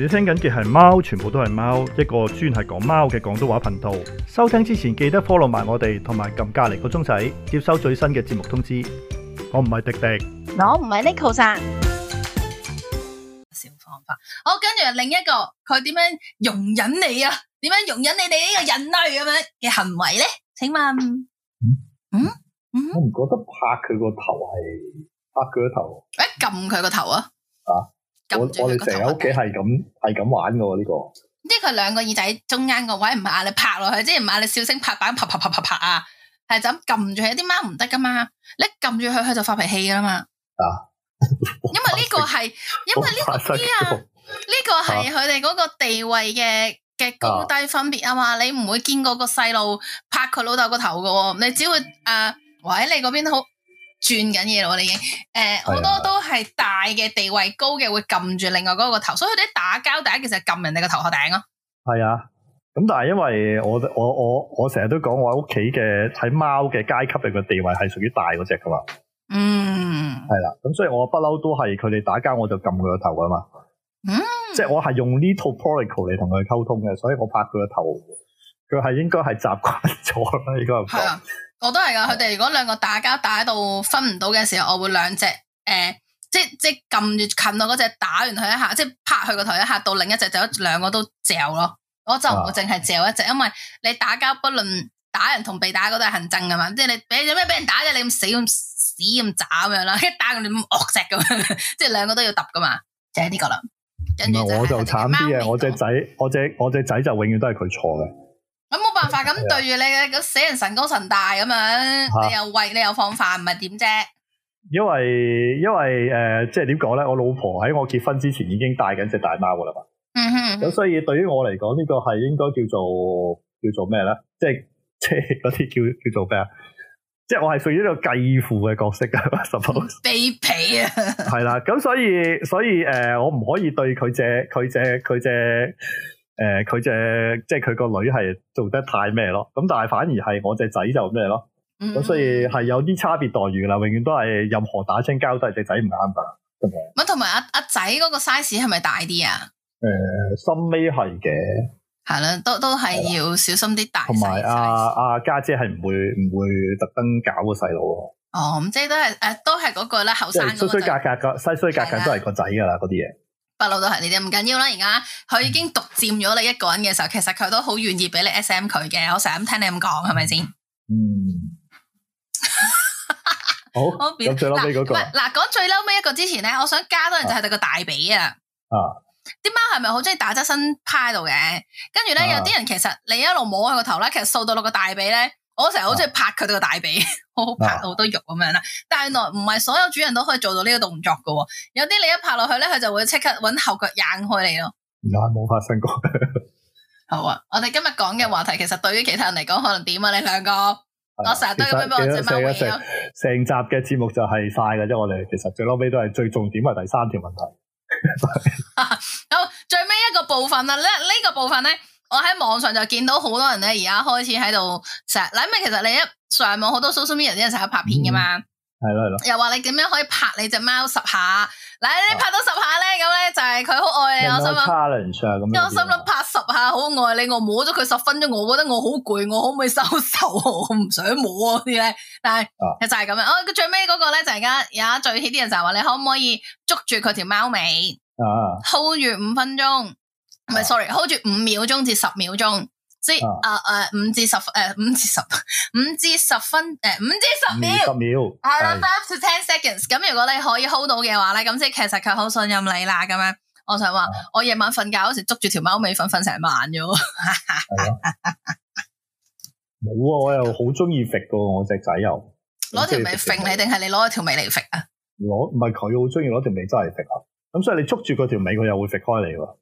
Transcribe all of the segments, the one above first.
你聽緊嘅係貓，全部都係貓，一個專係講貓嘅廣東話頻道。收聽之前記得 follow 埋我哋，同埋撳隔籬個鐘仔，接收最新嘅節目通知。我唔係迪迪，我唔係 Neko Ching 小方法。好，跟住另一個，佢點樣容忍你啊？點樣容忍你哋呢個人類咁樣嘅行為咧？請問，嗯嗯，嗯我唔覺得拍佢個頭係拍佢個頭，誒、欸，撳佢個頭啊，啊！我我哋成日屋企係咁係咁玩㗎喎呢個，即係佢兩個耳仔中間個位唔嗌、啊、你拍落去，即係唔嗌你笑聲拍板啪啪啪啪啪啊，係就咁撳住佢啲貓唔得㗎嘛，你撳住佢佢就發脾氣㗎啦嘛，啊 因，因為呢個係因為呢啲啊，呢個係佢哋嗰個地位嘅嘅高低分別啊嘛，你唔會見過個細路拍佢老豆個頭㗎喎，你只會誒，喂、啊、你嗰邊好。轉緊嘢我哋已經，誒、呃、好係、啊、多都係大嘅地位高嘅會撳住另外嗰個頭，所以佢哋打交第一件事係撳人哋個頭殼頂咯。係啊，咁但係因為我我我我成日都講我喺屋企嘅睇貓嘅階級嘅地位係屬於大嗰隻噶嘛。嗯、啊。係啦，咁所以我不嬲都係佢哋打交我就撳佢個頭啊嘛。嗯。即係我係用呢套 protocol 嚟同佢溝通嘅，所以我拍佢個頭，佢係應該係習慣咗啦，應該。係。我都係噶，佢哋如果兩個打交打到分唔到嘅時候，我會兩隻誒，即即撳住近到嗰隻打完佢一下，即拍佢個頭一下，到另一隻就兩個都嚼咯，我就唔會淨係嚼一隻，因為你打交不論打人同被打嗰都係行憎噶嘛，即你俾有咩俾人打啫，你咁死咁死咁渣咁樣啦，一打咁你咁惡只咁樣， 即兩個都要揼噶嘛，就係、是、呢個啦。跟住、就是、我就慘啲啊！我隻仔，我隻我隻仔就永遠都係佢錯嘅。.辦法，咁對住你嘅個、啊、死人神高神大咁樣，你又喂，你又放飯，唔係點啫？因為因為誒，即係點講咧？我老婆喺我結婚之前已經帶緊隻大貓噶啦嘛。嗯哼，嗯哼。咁所以對於我嚟講，呢、這個係應該叫做叫做咩咧？即係即係嗰啲叫叫做咩啊？即係我係屬於一個繼父嘅角色噶，十卑鄙啊！係啦、啊，咁所以所以誒、呃，我唔可以對佢只佢佢誒佢隻即係佢個女係做得太咩咯，咁但係反而係我隻仔就咩咯，咁、嗯、所以係有啲差別待遇噶啦。永遠都係任何打親交都係隻仔唔啱噶，咁樣。咁同埋阿阿仔嗰個 size 係咪大啲啊？誒、啊，心尾係嘅，係啦、呃，都都係要小心啲大。同埋阿阿家姐係唔會唔會特登搞個細路？哦，咁、嗯、即係都係誒、啊，都係嗰個咧後生。即係衰衰格格個衰衰格格都係個仔噶啦，嗰啲嘢。是不嬲都係你哋，唔緊要啦。而家佢已經獨佔咗你一個人嘅時候，其實佢都好願意俾你 S M 佢嘅。我成日咁聽你咁講，係咪先？嗯，好、 哦。咁最嬲尾，嗰個，嗱講最嬲尾一個之前咧，我想加多人就係個大髀啊。啊！啲貓係咪好中意打側身趴喺度嘅？跟住咧，有啲人其實你一路摸佢個頭咧，其實掃到落個大髀咧。我成日好中意拍佢哋個大髀，好好，啊、拍到好多肉咁樣啦。啊、但原來唔係所有主人都可以做到呢個動作嘅，有啲你一拍落去咧，佢就會即刻揾後腳硬開你咯。而家冇發生過。好啊，我哋今日講嘅話題，的其實對於其他人嚟講，可能點啊？你兩個，的我成日都會望我翻。成成集嘅節目就係晒嘅，因為我哋其實最嬲尾都係最重點，係第三條問題。有、 啊、最尾一個部分啊，呢、這、呢個部分咧。我喺網上就見到好多人咧，而家開始喺度成日嗱，因為其實你一上網好多 social media 啲人成日拍片噶嘛，係咯係咯，又話你點樣可以拍你隻貓十下？嗱，你拍到十下咧，咁咧、啊、就係佢好愛你，有有我心諗，我心諗拍十下好愛你，我摸咗佢十分鐘，我覺得我好攰，我可唔可以收手，我唔想摸啊啲咧，但係就係咁樣。哦、啊，最尾嗰個咧，而家而家。最 hit 啲人就係話你可唔可以捉住佢條貓尾，hold 住、啊、五分鐘。唔係，sorry，hold 住五秒鐘至十秒鐘，即係啊誒五至十誒五至十五至十分誒五至十秒，係啦，five to ten seconds。咁如果你可以 hold 到嘅話咧，咁即係其實佢好信任你啦。咁樣，我想話，我夜晚瞓覺嗰時捉住條貓尾瞓瞓成晚咗。冇啊！我又好中意揈嘅，我隻仔又攞條尾揈你，定係你攞一條尾嚟揈啊？攞，唔係佢好中意攞條尾真係揈啊！咁所以你捉住佢條尾，佢又會揈開你喎。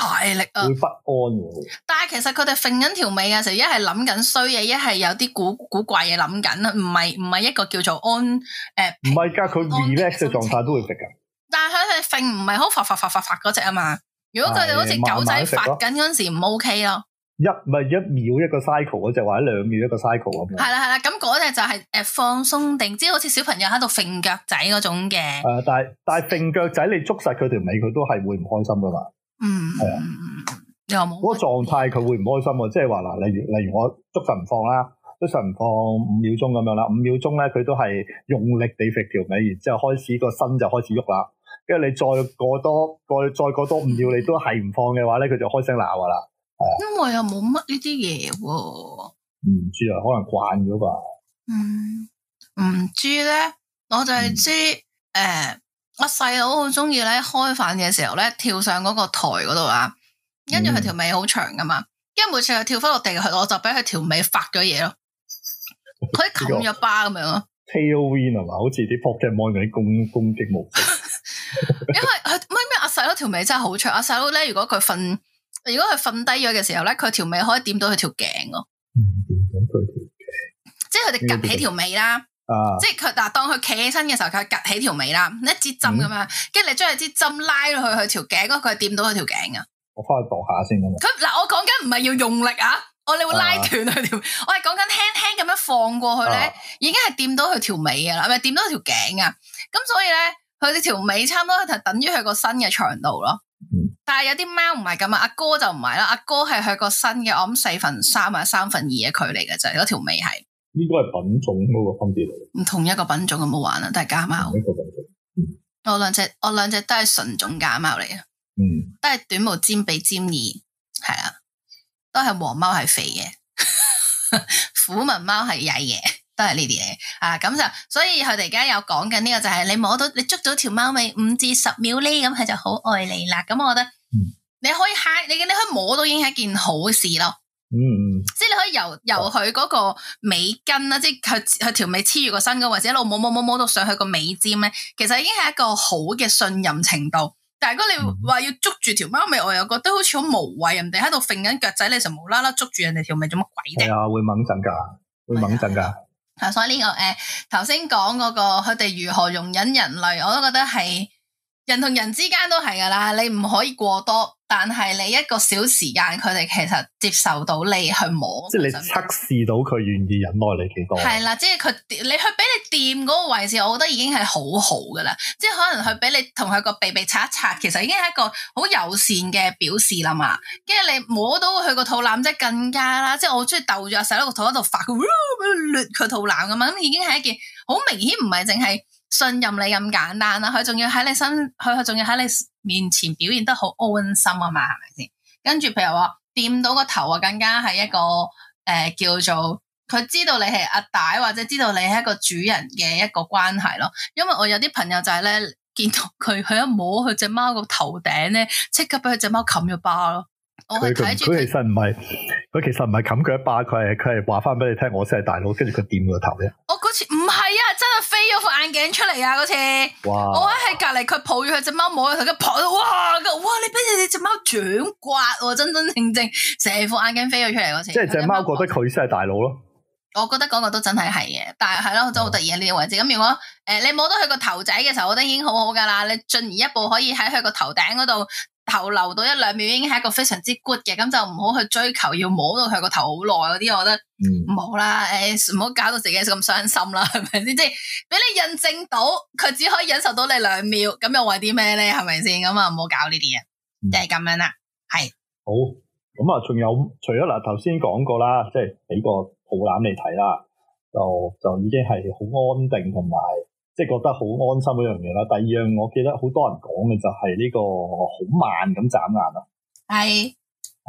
大力啊！會不安嘅。但係其實佢哋揈緊條尾嘅時候，一係諗緊衰嘢，一係有啲古古怪嘢諗緊啊，唔係唔係一個叫做安誒。唔係㗎，佢 relax 嘅狀態都會食㗎。但係佢哋揈唔係好發發發發發嗰隻啊嘛。如果佢哋好似狗仔發緊嗰陣時唔 OK 咯。一唔係一秒一個 cycle 嗰隻，或者兩秒一個 cycle 咁。係啦係啦，咁嗰隻就係誒放鬆定，即係好似小朋友喺度揈腳仔嗰種嘅。係啊，但係但係揈腳仔，你捉實佢條尾，佢都係會唔開心㗎嘛。嗯，係啊，又沒有冇嗰狀態佢會唔開心啊？即係話嗱，例如例如我捉神唔放啦，捉神唔放五秒鐘咁樣啦，五秒鐘咧佢都係用力地甩條尾，然之後開始個身就開始喐啦。因為你再過多過再過多五秒你都係唔放嘅話咧，佢、嗯、就開聲鬧噶啦。啊、因為又冇乜呢啲嘢喎，唔知啊，可能慣咗吧。嗯，唔知咧，我就係知誒。嗯哎阿細佬好中意咧，開飯嘅時候咧跳上嗰個台嗰度啊，跟住佢條尾好長噶嘛，因為每次佢跳翻落地去，我就俾佢條尾發咗嘢咯，佢冚咗巴咁樣咯。Tail in 係嘛，好似啲 Pocket Monster 啲公攻擊物。 因為佢咪咩阿細佬條尾真係好長，阿細佬咧如果佢瞓，如果佢瞓低咗嘅時候咧，佢條尾可以掂到佢條頸咯，嗯嗯嗯嗯、即係佢哋夾起條尾啦。啊、即係佢嗱，當佢企起身嘅時候，佢夾起條尾啦，一支針咁樣，跟住、嗯、你將佢支針拉落去佢條頸，咁佢掂到佢條頸啊。我翻去度下先咁。佢嗱，我講緊唔係要用力啊，我哋會拉斷佢條，我係講緊輕輕咁樣放過去咧，啊、已經係掂到佢條尾噶啦，係咪掂到佢條頸啊。咁所以咧，佢條尾差唔多就等於佢個身嘅長度咯。嗯、但係有啲貓唔係咁啊，阿哥,哥就唔係啦，阿哥係佢個身嘅，我諗四分三啊，三分二嘅距離嘅就係條尾係。應該係品種嗰個分別，唔同一個品種咁好玩啊？都係家貓、同一個品種，嗯，我兩隻，我兩隻都係純種家貓嚟嘅。嗯、都係短毛尖鼻尖耳，係 啊，都係黃貓係肥嘅，虎紋貓係曳嘅，都係呢啲嘢啊。咁就所以佢哋而家有講緊呢個就係你摸到你捉到條貓尾五至十秒咧，咁佢就好愛你啦。咁我覺得你可以吓，你你可以摸到已經係一件好事咯。嗯，即係你可以由由佢嗰個尾根啦，嗯、即係佢佢條尾黐住個身嘅位置，或者一路摸摸摸摸到上去個尾尖咧，其實已經係一個好嘅信任程度。但係如果你話要捉住條貓尾，我又覺得好似好無謂，人哋喺度揈緊腳仔，你就無啦啦捉住人哋條尾做乜鬼？係啊、哎，會猛陣噶，會猛陣噶。啊、嗯嗯，所以呢、這個誒，頭先講嗰個佢哋如何容忍人類，我都覺得係。人同人之間都係噶啦，你唔可以過多，但係你一個小時間，佢哋其實接受到你去摸，即係你測試到佢願意忍耐你幾多。係啦，即係佢你去俾你掂嗰個位置，我覺得已經係好好噶啦。即係可能佢俾你同佢個鼻鼻擦一擦，其實已經係一個好友善嘅表示啦嘛。跟住你摸到佢個肚腩，即係更加啦。即係我中意逗住阿細佬個肚嗰度發佢，佢、呃呃呃、肚腩咁啊，咁已經係一件好明顯唔係淨係，信任你咁簡單啦，佢仲要喺你身，佢佢仲要喺你面前表現得好安心啊嘛，係咪先？跟住，譬如話掂到個頭啊，更加係一個誒、呃、叫做佢知道你係阿大，或者知道你係一個主人嘅一個關係咯。因為我有啲朋友就係咧見到佢佢一摸佢隻貓個頭頂咧，即刻俾佢隻貓冚咗巴咯。他我睇住佢，其實唔係佢，其實唔係冚佢一巴，佢係佢係話翻俾你聽，我先係大佬，跟住佢掂佢個頭啫。我嗰次飛咗副眼鏡出嚟啊！嗰次，哇我喺喺隔籬，佢抱住佢隻貓摸佢頭，佢撲到，哇！哇哇你俾你隻貓掌刮，喎，真真正正，成副眼鏡飛咗出嚟嗰次。即係隻貓覺得佢先係大佬咯。我覺得嗰個都真係係嘅，但係係咯，真好得意啊呢個位置。咁如果誒你摸到佢個頭仔嘅時候，我覺得已經很好好噶啦。你進而一步可以喺佢個頭頂嗰度，逗留到一兩秒已經係一個非常之 good 嘅，咁就唔好去追求要摸到佢個頭好耐嗰啲，我覺得唔好啦，誒唔好搞到自己咁傷心啦，係咪先？即係俾你印證到佢只可以忍受到你兩秒，咁又為啲咩咧？係咪先？咁啊唔好搞呢啲嘢，即係咁樣啦。係。好，咁啊仲有，除咗嗱頭先講過啦，即係俾個肚腩你睇啦，就就已經係好安定同埋。即係覺得好安心嗰樣嘢啦。第二樣，我記得好多人講嘅就係呢個好慢咁眨眼啦。係，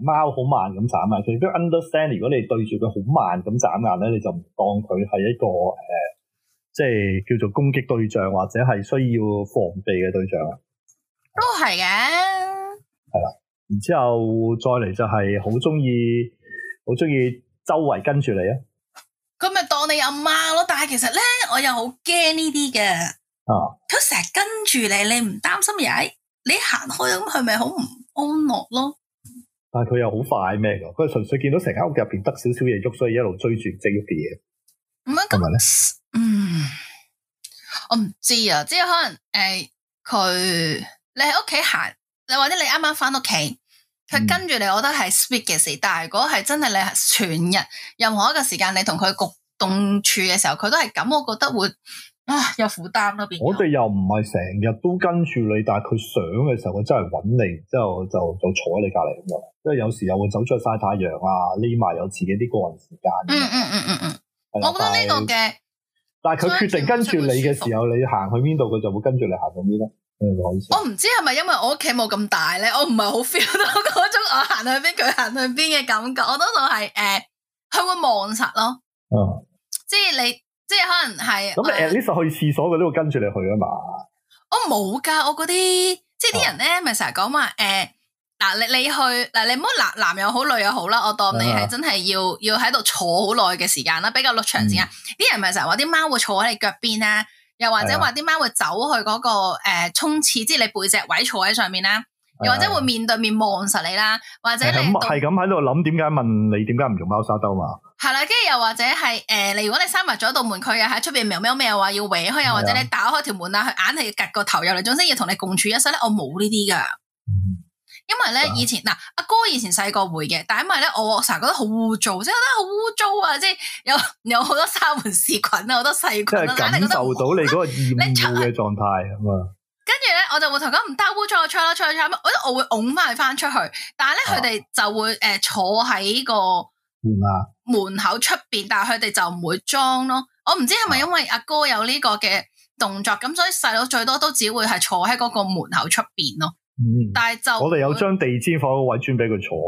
貓好慢咁眨眼。佢亦都 understand，如果你對住佢好慢咁眨眼咧，你就唔當佢係一個誒、呃，即係叫做攻擊對象或者係需要防備嘅對象。都係嘅。係啦，然之後再嚟就係好中意，好中意周圍跟住你啊。咁咪當你阿媽咯。但係其實咧。我又好驚呢啲嘅，佢成日跟住你，你唔擔心嘢？你行開咁佢咪好唔安樂咯？但係佢又好快咩嘅？佢純粹見到成間屋入邊得少少嘢喐，所以一路追住即喐啲嘢。咁咪咧？呢，嗯，我唔知啊，即係可能誒，佢你喺屋企行，你或者你啱啱翻屋企，佢跟住你，嗯、我覺得係 sweet 嘅事。但係如果係真係你全日任何一個時間，你同佢焗。共處嘅時候佢都係咁，我覺得會啊有負擔咯變。我哋又唔係成日都跟住你，但係佢想嘅時候的找，佢真係搵你之後就就，就坐喺你隔籬咁樣。即係有時又會走出去晒太陽啊，匿埋有自己啲個人時間。嗯嗯嗯嗯嗯。嗯嗯嗯是我覺得呢個嘅是，但係佢決定跟住你嘅時候，你行去邊度，佢就會跟住你行到邊啦。嗯、不我唔知係咪因為我屋企冇咁大咧，我唔係好 feel 到嗰種我行去邊佢行去邊嘅感覺。我當做係誒，佢、呃、會望實咯。嗯即係你，即係可能係咁。你呢 e 去廁所佢都會跟住你去啊嘛。我冇噶，我嗰啲即係啲人咧，咪成日講話誒，嗱你你去嗱你唔好男男又好女又好啦，我當你係真係要是、啊、要喺度坐好耐嘅時間啦，比較耐長時間。啲、嗯、人咪成日話啲貓會坐喺你腳邊啦，又或者話啲貓會走去嗰、那個誒沖廁，即係你背脊位坐喺上面啦，又或者會面對面望實你啦，是啊、或者你係咁喺度諗，點解、啊啊啊啊啊、問你點解唔用貓砂兜嘛？係啦，跟住又或者係誒，你、呃、如果你閂埋咗道門，佢又喺出邊喵喵咩話要搲開，的又或者你打開條門啊，佢硬係要夾個頭入嚟，總之要同你共處一室咧，我冇呢啲㗎。嗯、因為咧的以前嗱阿、啊、哥、哥以前細個會嘅，但係因為咧我成日覺得好污糟，即係覺得好污糟啊，即係有有好多沙門氏菌啊，好多細菌。即係感受到你嗰個厭惡嘅狀態出啊跟住咧，我就會同佢唔得污糟，我出咯出、出、出我覺得我會㧬翻佢翻出去。但係咧，佢哋、啊、就會誒、呃、坐喺、這個。門啊，門口出邊，但係佢哋就唔會裝咯。我唔知係咪因為阿哥有呢個嘅動作，咁所以細佬最多都只會係坐喺嗰個門口出邊咯。嗯，但係就我哋有將地氈放個位，專俾佢坐。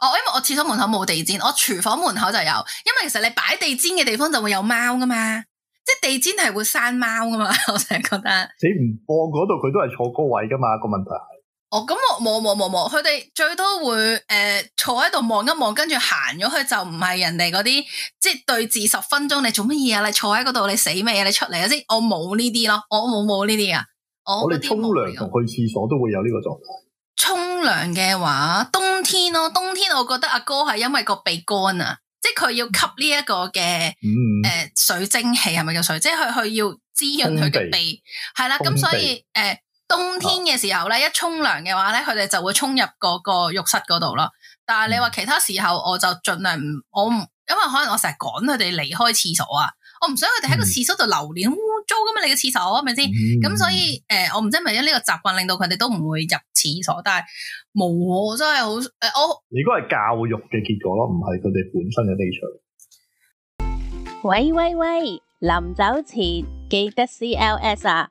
哦，因為我廁所門口冇地氈，我廚房門口就有。因為其實你擺地氈嘅地方就會有貓噶嘛，即係地氈係會生貓噶嘛，我成日覺得。你唔放嗰度，佢都係坐嗰位噶嘛？個問題。哦，咁我冇冇冇冇，佢哋最多會誒、呃、坐喺度望一望，跟住行咗去就唔係人哋嗰啲，即係對峙十分鐘，你做乜嘢啊？你坐喺嗰度，你死咩啊？你出嚟啊先！即我冇呢啲咯，我冇冇呢啲啊！我哋沖涼同去廁所都會有呢個狀況。沖涼嘅話，冬天咯，冬天我覺得阿哥係因為個鼻乾啊，即係佢要吸呢一個嘅誒、嗯呃、水蒸氣係咪嘅水，即係佢要滋潤佢嘅鼻，係啦，咁所以誒。呃冬天嘅時候咧，一沖涼嘅話咧，佢哋就會沖入嗰個浴室嗰度咯。但係你話其他時候我盡，我就盡量唔，我唔，因為可能我成日趕佢哋離開廁所啊，我唔想佢哋喺個廁所度流連污糟噶嘛。你嘅廁所係咪先？咁所、嗯、所以誒、呃，我唔知係咪因呢個習慣令到佢哋都唔會入廁所，但係冇真係好誒，我。如果係教育嘅結果咯，唔係佢哋本身嘅 nature 喂喂喂！臨走前記得 C L S 啊！